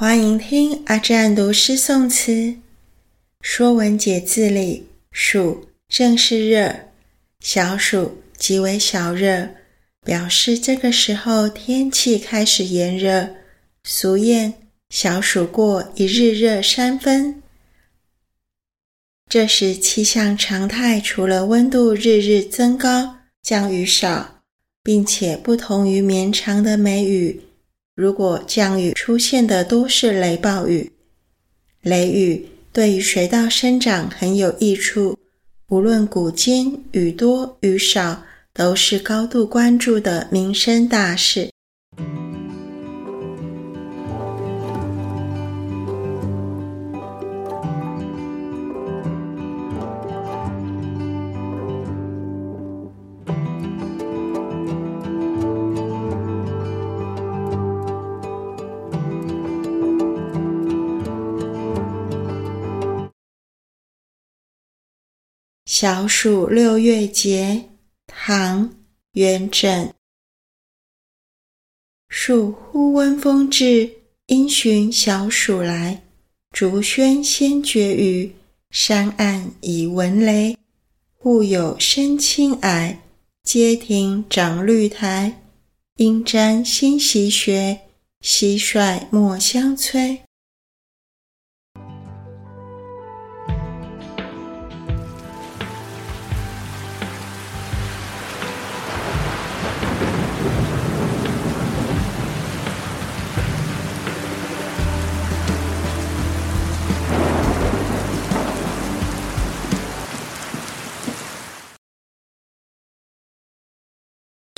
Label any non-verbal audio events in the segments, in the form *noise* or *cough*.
歡迎聽阿占讀詩誦詞。《說文解字》裡，暑正是熱，小暑即為小熱，表示這個時候天氣開始炎熱。俗諺“小暑過，一日熱三分”，這時氣象常態除了溫度日日增高，降雨少，並且不同於綿長的梅雨。如果降雨出現的都是雷暴雨，雷雨對於水稻生長很有益處。無論古今，雨多雨少都是高度關注的民生大事。小暑六月節，唐·元稹。倏忽溫風至，因循小暑來。竹喧先覺雨，山暗已聞雷。戶牖深青靄，階庭長綠苔。鷹鸇新習學，蟋蟀莫相催。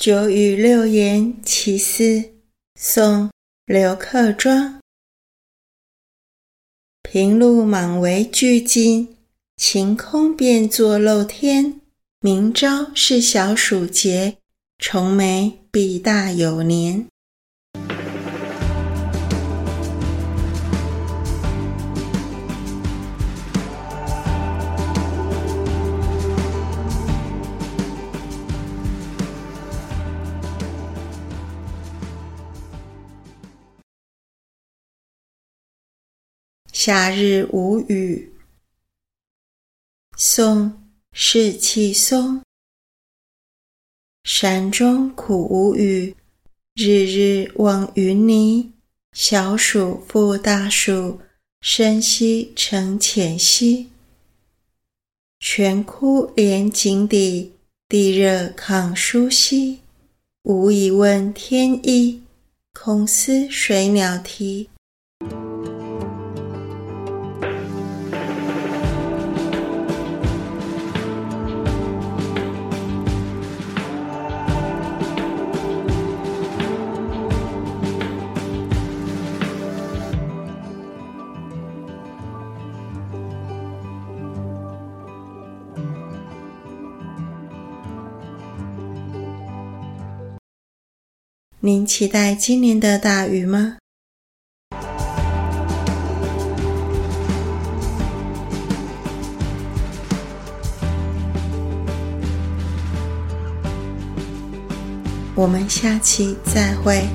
久雨六言其四，宋·劉克莊。平陸莽為巨浸，晴空變作漏天。明朝是小暑節，重霉必大有年。夏日無雨，宋，釋契嵩。山中苦無雨，日日望雲霓。小暑復大暑，深溪成淺溪。泉枯連井底，地熱亢蔬畦，無以問天意，空思水鳥啼。您期待今年的大雨嗎？ *music* 我們下期再會。